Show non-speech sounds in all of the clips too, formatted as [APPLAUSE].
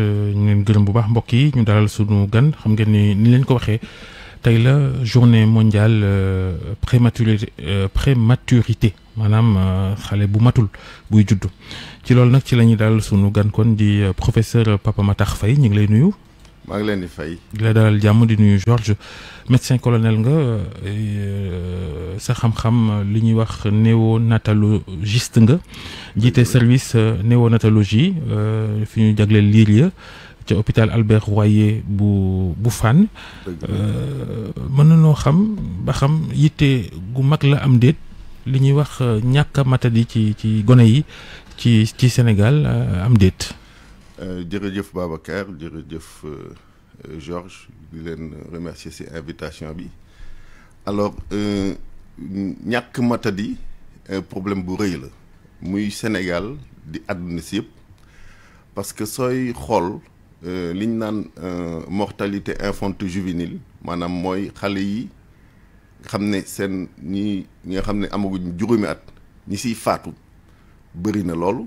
ñu leen gërëm bu baax mbokk yi ñu dalal la journée mondiale euh, prématurité euh, prématurité maanaam euh, xale bu matul buy judd ci loolu nag la dalal suñu professeur Papa maa ngi fay. di dalal jàmm di nuyu Georges médecin colonel nga euh, sa xam-xam li ñuy wax néonatologiste nga jiite service euh, néonatologie euh, fi ñu jagleel liir ci hôpital Albert Royer bu bu Fann mën na noo xam ba xam yité gu mag la am déet li ñuy wax ñaka matadi ci ci gone yi ci ci Sénégal am déet jërëjëf euh, Babacar jërëjëf euh, Georges di leen remercier ci invitation bi alors euh, ñàkk matadi problème bu rëy la muy Sénégal di àdduna si yëpp parce que sooy xool liñ mortalité infante juvénile manam moy xalé yi xamné sen ñi ñi nga xam ne amaguñ at ñi ci faatu bari na lolu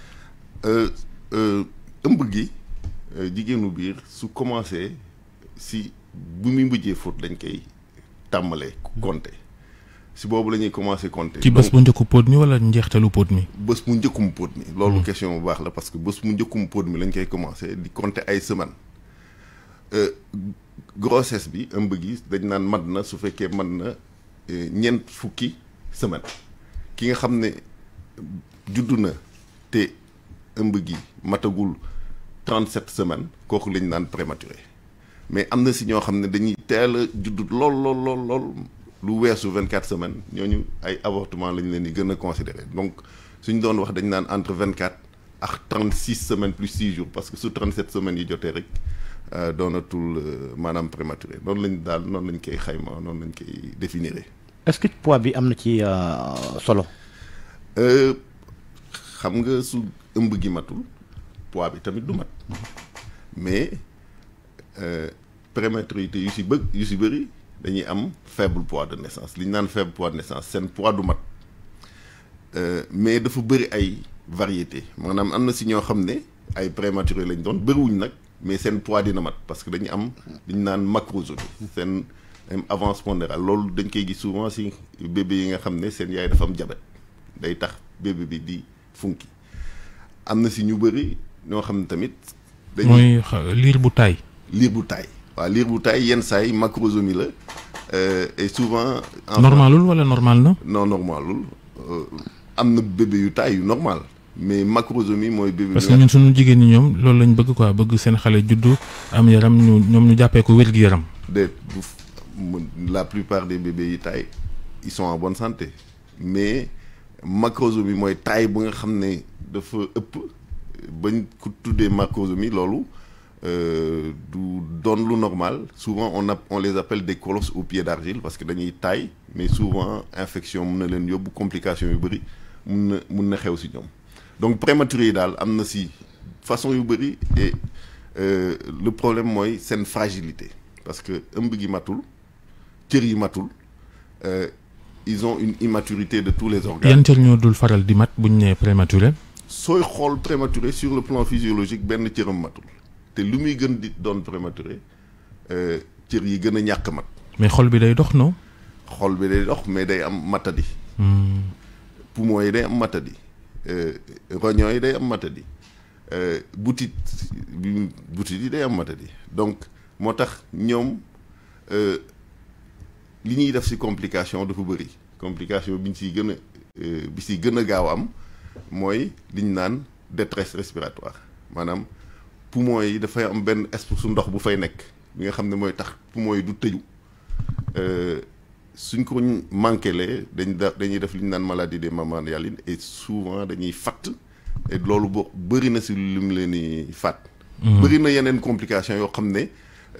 Euh, euh, ëmb gi euh, jigéenu biir su commencé si bu muy mujjee fóot dañ koy tàmbalee konte si boobu la ñuy commencer compter. ci bés bu njëkku pot mi wala njeexteelu pot mi. bés bu njëkkum póot mi. loolu hmm. question bu baax la parce que bés bu njëkkum póot mi lañ koy commencé di compter ay semaine grossesse bi ëmb gi dañ naan mat na su fekkee mat na ñeent fukki semaine ki nga xam ne juddu na te. ëmb gi matagul 37 semaines kooku lañ naan prématuré mais am na si ñoo xam ne dañuy teel lool lool lool lool lu weesu 24 semaines ñooñu ay avortement lañ leen di gën a considéré donc suñ doon wax dañ naan entre 24 ak 36 semaines plus 6 jours parce que su 37 semaines yi jotee rek euh, doonatul euh, maanaam prématuré noonu lañ daal noonu lañ koy xayma noonu lañ koy définiré est-ce que poids bi am na ci euh, solo. xam nga su ëmb gi matul poids bi tamit du mat mais euh, prématurité yu si bëgg yu si bëri dañuy am faible poids de naissance li ñu naan faible poids de naissance seen poids du mat euh, mais dafa bëri ay variété maanaam am na si ñoo xam ne ay prématuré lañ doon bëriwuñ nag mais seen poids dina mat parce que dañuy am li ñu naan macrosomie seen avance pondérale loolu dañ koy gis souvent si bébé yi nga xam ne seen yaay dafa am jabet day tax bébé bi di funki amna ci ñu bëri ñoo xam tamit. dañuy euh, lire bu tay lire euh, souvent. normal na. non normalul euh, bébé yu normal mais macrosomie moy bébé parce que ñun suñu jigéen ñi loolu lañ bëgg quoi bëgg la plupart des bébés yi ils sont en bonne santé mais macrosomie moy taille bu nga xamné ne dafa ëpp bañ ko tuddee macrosomie loolu euh, du donne lu normal souvent on a on les appelle des colosses aux pieds d'argile parce que dañuy taille mais souvent infection mun na leen yóbbu complication yu bëri mun na xew si ñom donc prématuré dal, amnésie façon yu et euh, le problème moy une fragilité parce que ëmb gi matul cër yi matul euh, ils ont une immaturité de tous les organes. yan cër ñoo dul faral mat prématuré. prématuré sur le plan physiologique ben cëram matul te lu muy gën di prématuré euh, cër yi gën a mat. mais xol bi day dox non. xol bi day dox mais day am matadi. Hmm. poumon yi day am matadi. Euh, roñon yi day am matadi. Euh, butit butit yi day am matadi donc moo nyom euh, li ñuy def ci complication dafa complication bi ñu siy gën a euh, bi siy gaaw am moy liñ nane détresse respiratoire manam poumon yi fay am ben espèce ndox bu fay nek, bi nga xamne moy tax poumon yi du euh suñ ko manqué lee dañ dañuy def liñ nane maladie des mammaliales et souvent dañuy fat et lolu bo bari na ci lim leen di faat. Mm-hmm. bëri na yenen complications yo xamne ne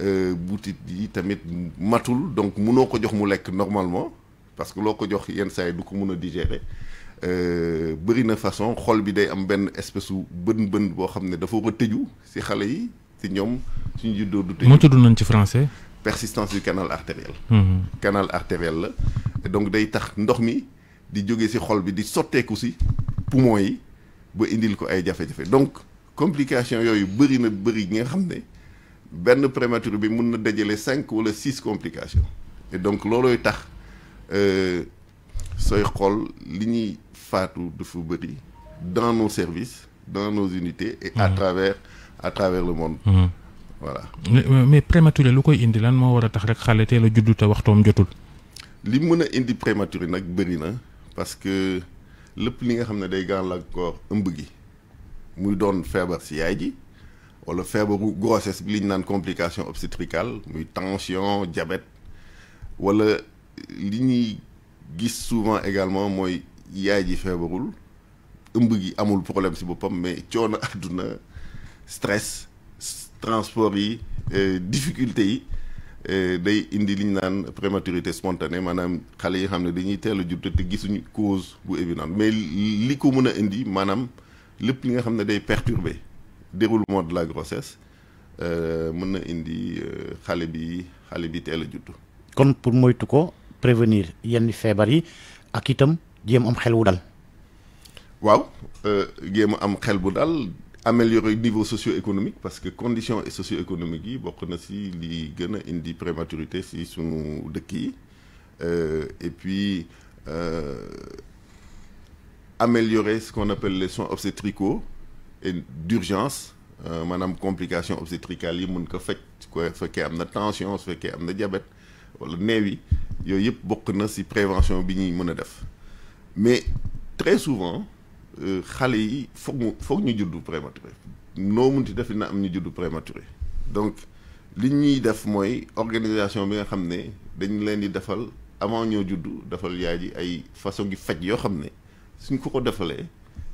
euh, boutit yi tamit matul donc munoo ko jox mu lek normalement parce que loo ko jox yenn saa du ko mun a digérer euh, bëri na façon xol bi day am benn espèce su bën-bën boo xam ne dafa ko tëju si xale yi si ñoom suñu juddoo du tëju. moo tudd nañ ci français. persistance du canal artériel. Mm-hmm. canal artériel la donc day tax ndox mi di jóge si xol bi di sotteeku si poumon yi ba indil ko ay jafe-jafe donc complication yooyu bëri na bëri nga xam ne benn prématuré bi mun na dajale cinq wala 6 complications et donc looloy tax. Euh, soy xool li ñuy faatu fu bëri dans nos services dans nos unités et à mhm. travers à travers le monde mhm. voilà mais prématuré lu koy indi lan moo war a tax rek xale teel a juddu te waxtoom jotul li mën a indi prématuré nag bëri na parce que lépp li nga xam ne day gàllankoor ëmb gi muy doon feebar si yaay ji wala feebaru grossesse bi li complications naan complication obstétricale muy tension diabète wala li ñuy gis souvent également moy yaay ji feebarul ëmb gi amul problème ci bopam mais coono aduna [LAUGHS] stress transport yi euh, difficulté yi euh, day indi liñ ñu prématurité spontanée manam xalé yi xamné ne dañuy teel a te gisuñu cause bu évidente mais li ko mëna indi manam lepp li nga xamné ne day perturber déroulement de la grossesse euh mëna indi euh, xalé bi xalé bi teel a kon pour moytu ko prévenir yenn feebar yi ak itam jéem am xel wu dal. waaw euh, jéem am xel bu dal améliorer niveau socio-économique parce que conditions socio-économiques yi bokk na si li gën a indi prématurité si sunu dëkk yi euh, et puis. Euh, améliorer ce qu'on appelle les soins obstétricaux et d'urgence maanaam complication obstétricale yi mun ko fekk ko fekkee am na tension su fekkee diabète wala neew yi yooyu bokk na ci prévention bi ñi mëna def mais très souvent euh, xale yi foog mu ñu juddu prématuré no munti def dina am ñu juddu prématuré donc li ñuy def moy organisation bi nga xamné ne dañ leen di defal avant ñoo juddu defal yaaji ay façon gi fajj yo xamné suñ ko ko defalé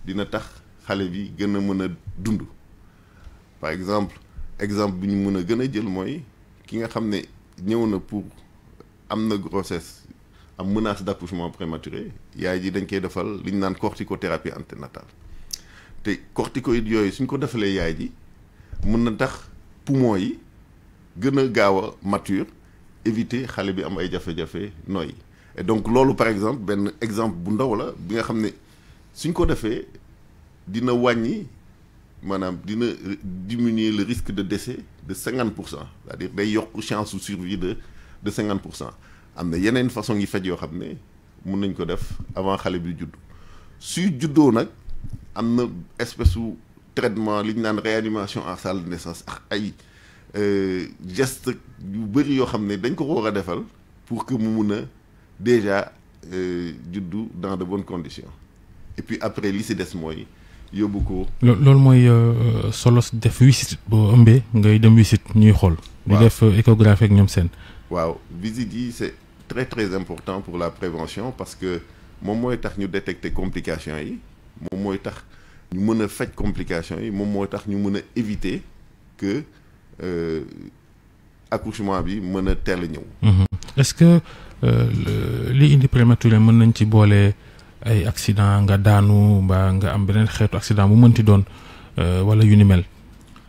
dina tax xale bi gëna mëna dund par exemple exemple bi ñu mëna gëna jël moy ki nga xamné ñëw na pour am grossesse am menace d'accouchement prématuré yaay ji dañ koy defal liñ nane corticothérapie antenatale té corticoïdes yoy suñ ko defalee yaay ji mën na tax poumon yi gëna gawa mature éviter xalé bi am ay jafé jafé noy et donc lolu par exemple ben exemple bu ndaw la bi nga xamné suñ ko defee dina wàññi manam dina diminuer le risque de décès de 50%. c'est-à-dire day yok chance de survie de de 50%. Amna yeneen façon yi fajj yo xamné mën nañ ko def avant xalé bi judd su juddoo nak amna espèce su traitement li nane réanimation en salle de naissance ak ay euh, geste yu bëri yo xamné dañ ko wara defal pour que mu mëna déjà déjà euh, juddu dans de bonnes conditions et puis après li des mooy yobou ko. lool moy euh, solos def visite bo ëmbee ngay dem visite ñuy xol di def échographie ak ñoom waaw visite yi très très important pour la prévention parce que moom mooy tax ñu détecter complications yi moom est tax ñu mën a complications complication yi moom mooy tax ñu éviter que euh, accouchement bi mën tel teel -hmm. est-ce que euh, les indi prématuré mën nañ ci boole ay accident nga daanu mbaa nga am accident bu mënti doon voilà euh, une ni mel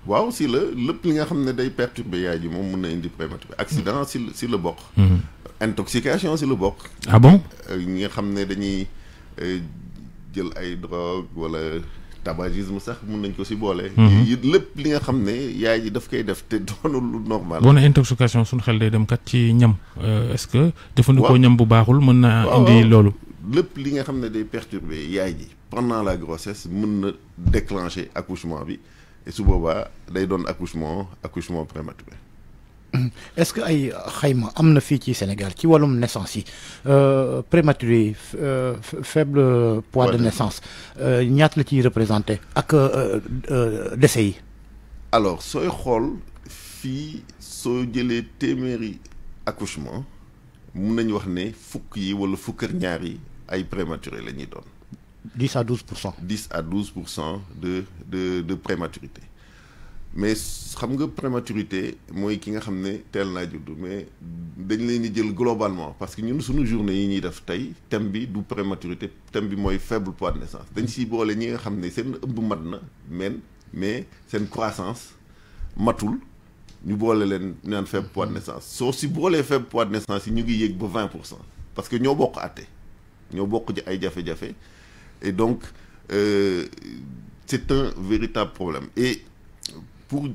waaw si la lépp li nga xam ne day perturber yaay ji moom mun na indi prématuré accident si si la bokk. Mhm. intoxication si la bokk. ah bon euh, ñi nga xam ne dañuy euh, jël ay drogue wala tabagisme sax mun nañ ko si boole. Mhm. yi lépp li nga xam ne yaay ji daf koy def te [LAUGHS] doonul lu normal. boo intoxication suñu xel day dem kat ci ñam. Euh, est-ce que. jëfandikoo ñam bu baaxul mën na indi loolu. lépp li nga xam ne day perturber yaay ji pendant la grossesse mun na déclencher accouchement bi et su baba, day doon accouchement accouchement prématuré. [COUGHS] est-ce que ay xayma am na fii ci Sénégal ci wàllum naissance yi euh, prématuré euh, faible poids de naissance euh, la ciy représenté ak euh, euh yi. alors sooy xool fi. soo jëlee téeméeri accouchement mun nañu wax ne fukk yi walla fukkar ñaar yi ay prématuré la 10 à 12 10 à 12 de, de, de prématurité. mais xam nga prématurité moy ki nga xamné tel na naa mais dañ lay ni djel globalement parce que ñun suñu journée yi ñi def tay thème bi du prématurité thème bi moy faible poids de naissance dañ ci bolé ñi nga xamné sen seen ëmb mat na men mais sen croissance matul ñu bolé len naan faible poids de naissance so si bolé faible poids de naissance yi ñu ngi yegg ba 20% parce que ño bokk àtte ño bokk ci ay jafé jafé et donc, euh, c'est un véritable problème. Et pour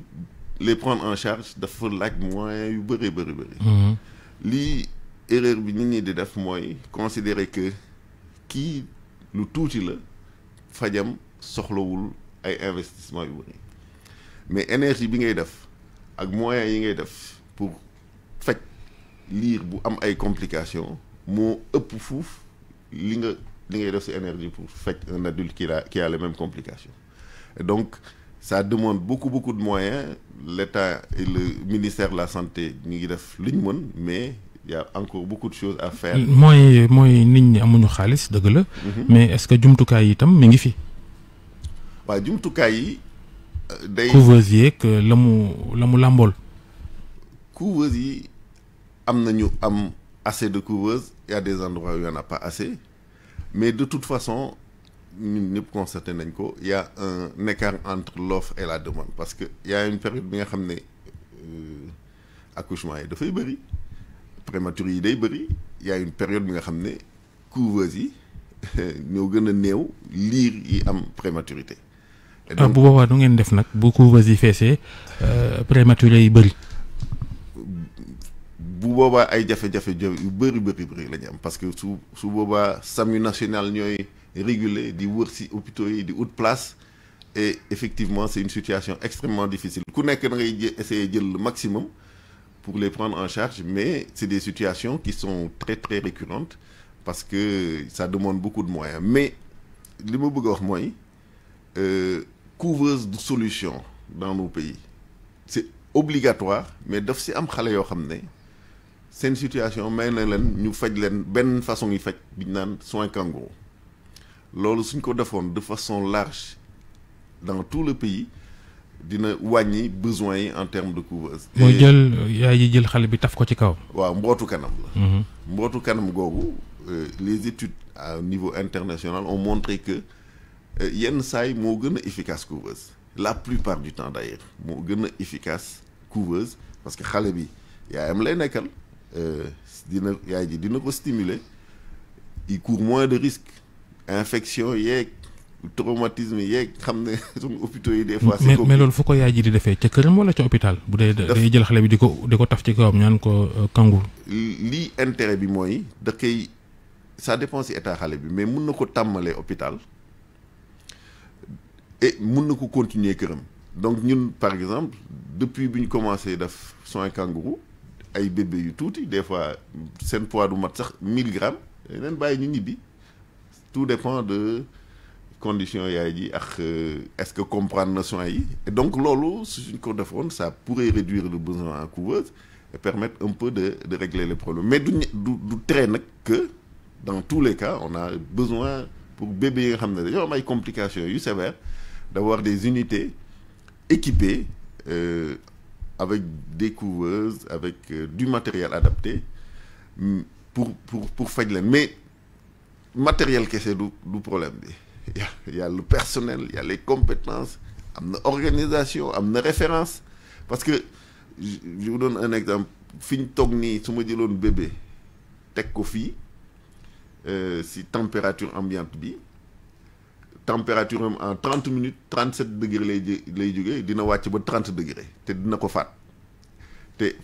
les prendre en charge, il faut que moyen yu bëri bëri bëri. Mhm. lii erreur bi nit considérer que nous touche tuuti la sur l'eau ay investissement yu mais énergie bi ngay def ak moyens yi ngay def pour fait lire bu am ay complications moo ëpp fuuf li nga li ngay def énergie pour faire un adulte qui a les mêmes complications donc ça demande beaucoup beaucoup de moyens l'État et le ministère de la santé ñu ngi def mais il y a encore beaucoup de choses à faire. Moi, moi, nit ñi amuñu de mhm. mais est-ce que jumtukaay yi itam mi ngi fi. waaw jumtukaay yi. Euh, day couveuse yi ak la mu la mu làmbool. couveuse yi am assez de couveuses, il y a des endroits où il n'y en a pas assez mais de toute façon nous constatons qu'il y a un écart entre l'offre et la demande parce que y a une période bi nga xam accouchement et de prématurité prématurité yi day il y a une période bi nga xam couveuse yi [LAUGHS] ñoo gën a lire yi am prématurité. Ah, bu boobaa du ngeen def nag bu couveuse yi prématurité euh, prématuré yi bu boobaa ay jafé jafé yu bëri bëri am parce que su su boobaa SAMU national ñoy réguler di wër hôpitaux yi di places. place et effectivement c'est une situation extrêmement difficile ku nek da ngay essayer jël le maximum pour les prendre en charge mais c'est des situations qui sont très très récurrentes parce que ça demande beaucoup de moyens mais li ma bëgg wax moy euh de solutions dans nos pays c'est obligatoire mais daf ci am xalé yo xamné c'est une situation mais nous leen ñu faj façon yi faire bi ñu naan soin kangourou suñ ko defoon de façon large dans tout le pays dina wañi besoin en termes de couveuse mooy jël yaay yi jël xale bi taf ko ci kaw wa mbotu kanam la mm-hmm. mbotu kanam gogou euh, les études à niveau international ont montré que euh, yenn say mo gëna efficace couveuse la plupart du temps d'ailleurs mo gëna efficace couveuse parce que xale bi am lay nekkal euh, dina yaay ji dina ko stimuler il court moins de risques infection yek traumatisme yeeg xam ne [LAUGHS] suñu hôpitaux yi des fois. c'est mais loolu fu ko yaay ji di defé ca këram wala ca hôpital. bu dee day jël xalé bi diko diko taf ci kawam ñaan ko euh, kangul. li intérêt bi moy da kay ça dépend si état xalé bi mais mën nako tamalé hôpital et mën nako continuer këram donc ñun par exemple depuis bi commencé def soin kangourou ay bébé yu des fois seen poids du mat sax 1000 grammes leen bàyyi ñu ñibbi tout dépend de conditions yaay ji ak euh, est-ce que comprendre na soins yi et donc une suñ de front ça pourrait réduire le besoin en couveuse et permettre un peu de régler les problèmes mais du du que dans tous les cas on a besoin pour bébé yi nga xam ne am ay complications yu sévères d'avoir des unités équipées. Euh, avec des couveuses, avec euh, du matériel adapté mm, pour, pour, pour faire Mais matériel c'est le problème. Il y, a, le personnel, il y a les compétences, il y a l'organisation, il y a référence. Parce que, je, vous donne un exemple. Fin si a bébé, tech euh, coffee, si température ambiante, bi, température en 30 minutes 37 degrés les lay lay dina wacc ba trente degrés té dina ko fat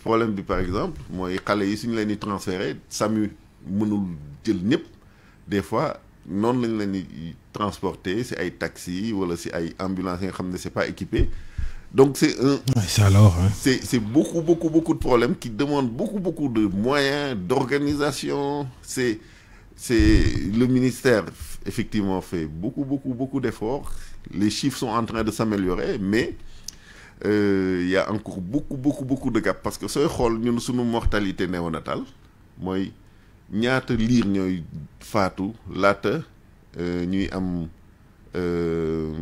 problème bi par exemple moy xalé yi suñu leni transférer SAMU mënul jël ñëpp des fois non, lañ les transporter c'est ay taxi wala c'est ay ambulance nga ne c'est pas équipé donc c'est un c'est alors hein. c'est c'est beaucoup beaucoup beaucoup de problèmes qui demandent beaucoup beaucoup de moyens d'organisation c'est c'est le ministère effectivement fait beaucoup, beaucoup, beaucoup d'efforts. Les chiffres sont en train de s'améliorer, mais euh, il y a encore beaucoup, beaucoup, beaucoup de gap Parce que ce on nous une mortalité néonatale, moi, ñaata lire euh, ni ñuy am euh,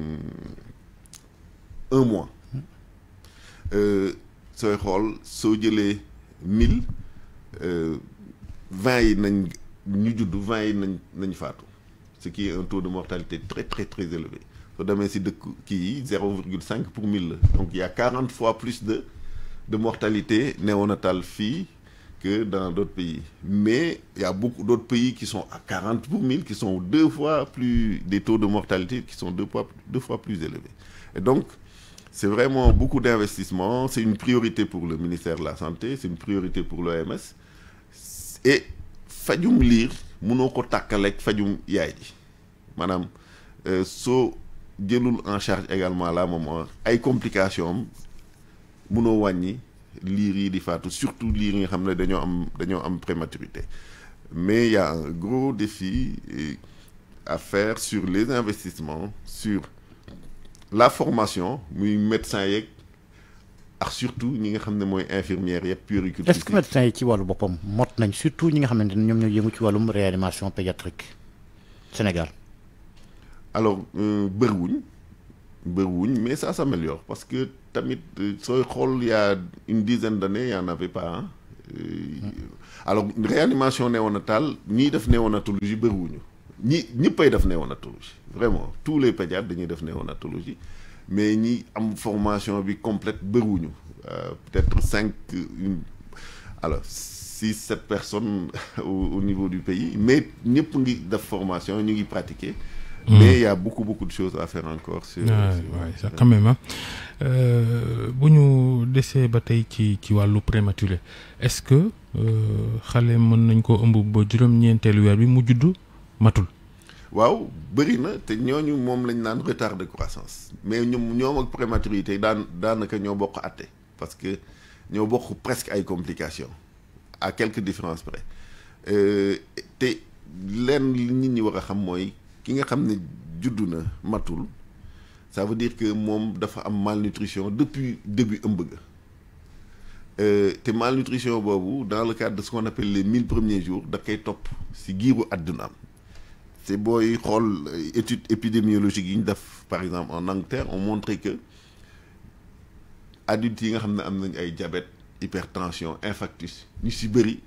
un mois ce rôle ce 1000 mille 20, ce qui est un taux de mortalité très très très élevé. Le domaine, de de 0,5 pour 1000 donc il y a 40 fois plus de mortalité néonatale fille que dans d'autres pays mais il y a beaucoup d'autres pays qui sont à 40 pour 1000 qui sont deux fois plus des taux de mortalité qui sont deux fois deux fois plus élevés et donc c'est vraiment beaucoup d'investissements c'est une priorité pour le ministère de la santé c'est une priorité pour l'OMS et Fadium lire mëno ko tàkkaleeg fajum yaay ji euh, so jëlul en charge également la maman ay complications mëno wañi liri di fatou surtout liri nga xam am dañoo am prématurité mais il y a un gros défi euh, à faire sur les investissements sur la formation muy médecin surtout ñi nga xam ne mooy infirmières yeeg est-ce que médecins yi ci wàllu boppam mot nañ surtout ñi nga xamante ne ñoom ñoo ci wàllum réanimation pédiatrique Sénégal alors euh, bëriwuñ bëriwuñ mais ça s'améliore parce que tamit euh, sooy xool y a une dizaine d'années il y en avait pas hein. euh, alors réanimation néonatale ñi de néonatologie bëriwuñu ñi ñëppay def néonatologie vraiment tous les pédiatres dañuy def néonatologie mais ni am formation bi complète euh, peut-être 5 une alors 6 7 personnes [LAUGHS] au, niveau du pays mais nous ngi une formation ñu ngi pratiquer hmm. mais il y a beaucoup beaucoup de choses à faire encore sur, ça quand même hein. euh bu ñu déssé ba tay ci ci walu prématuré est-ce que euh xalé mën nañ ko ëmb ba juroom ñentel wër bi mu waaw bëri na te ñooñu moom lañ retard de croissance mais ñoom ñoom ak prématurité daan daanaka ñoo bokk atte parce que ñoo bokk presque ay complications à quelques différences près euh, te lenn li nit ñi war a xam mooy ki nga xam matul ça veut dire que moom dafa am malnutrition depuis début ëmb ga euh, malnutrition boobu dans le cadre de ce qu'on appelle les mille premiers jours da koy topp si c'est boy euh, études épidémiologiques par exemple en Angleterre ont montré que adultes yi nga xam am nañ ay diabète hypertension infarctus ñu si bëri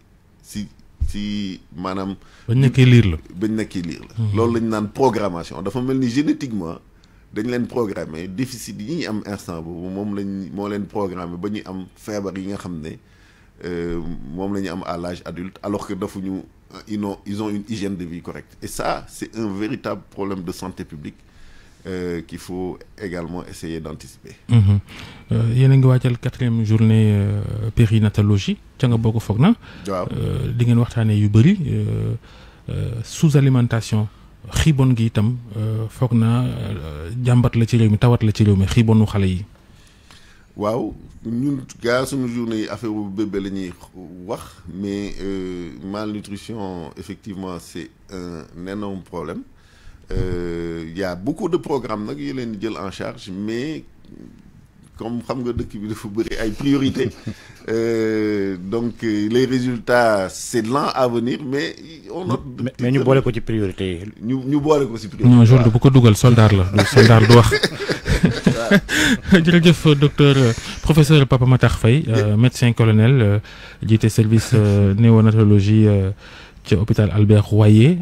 si si maanaam. bañ nekkee liir la bañ nekkee liir la. Hmm. loolu lañ naan programmation dafa mel ni génétiquement dañ leen programmer déficit yi ñuy am instant boobu moom lañ moo leen programmer ba ñuy am feebar yi nga xam ne euh, moom la ñu am à l'âge adulte alors que dafa ñu. Euh, ils ont, ils ont une hygiène de vie correcte. Et ça, c'est un véritable problème de santé publique euh, qu'il faut également essayer d'anticiper. Il mhm. euh, y a ngi quatrième journée euh, périnatologie Tiens, nga bokk foog na. waaw di ngeen waxtaanee yu bëri sous alimentation xiibon gi itam foog naa jàmbat la ci réew mi tawat la ci réew mi waaw ñun gars suñu journée yi affaire bu bébé la ñuy wax mais euh, malnutrition effectivement c'est un énorme problème euh, Il y a beaucoup de programmes nag sont leen jël en charge mais comme xam nga dëkk bi dafa bëri ay priorités [LAUGHS] euh, donc les résultats c'est lent à venir mais. on note mais ñu boole ko ci priorité Nous, ñu ñu boole ko ci priorité non jour bu ko dugal soldat la [LAUGHS] soldat du wax. [LAUGHS] [LAUGHS] jërëjëf docteur euh, professeur Papa Matarfei, Faye euh, médecin colonel du euh, service néonatologie ci hôpital Albert Royer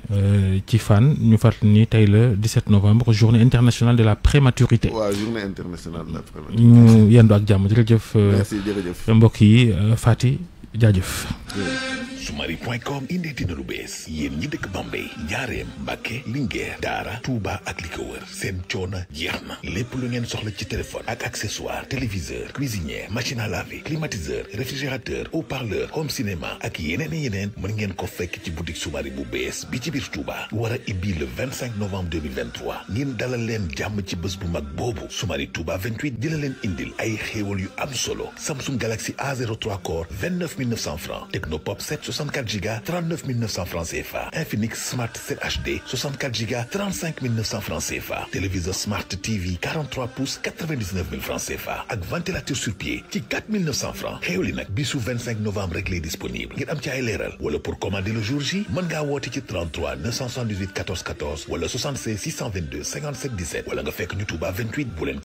ci Fann ñu fat ni 17 novembre journée internationale de la prématurité. waaw journée internationale de la prématurité. ñu ak jàmm jërëjëf. merci jërëjëf mbokk yi Fati soumari.com indi dina lu bees yéen ñi dëkk Bambey Njaareem Mbàkke Linguère Daara Touba ak li ko wër seen coono lu ngeen soxla ci téléphone ak accessoire téléviseur cuisinière machine à laver climatiseur réfrigérateur haut-parleur home cinéma ak yeneen yeneen mën ngeen ko fekk ci boutique Soumari bu bees bi ci biir Touba war a le 25 novembre 2023 ngeen dalal leen jàmm ci bés bu mag boobu Soumari Touba 28 dina indil ay xéewal yu am solo Samsung Galaxy A03 Core 29900 900 francs Technopop 7 64 Go 39 900 francs CFA. Infinix Smart 7 HD 64 Go 35 900 francs CFA. Téléviseur Smart TV 43 pouces 99 000 francs CFA Avec ventilateur sur pied 4 900 francs. Heolinak, bisou 25 novembre réglé disponible ngir am ci pour commander le jour J Manga ngaa 33 978 14 14 wala 66 622 57 17 wala fait que YouTube Touba 28 boules.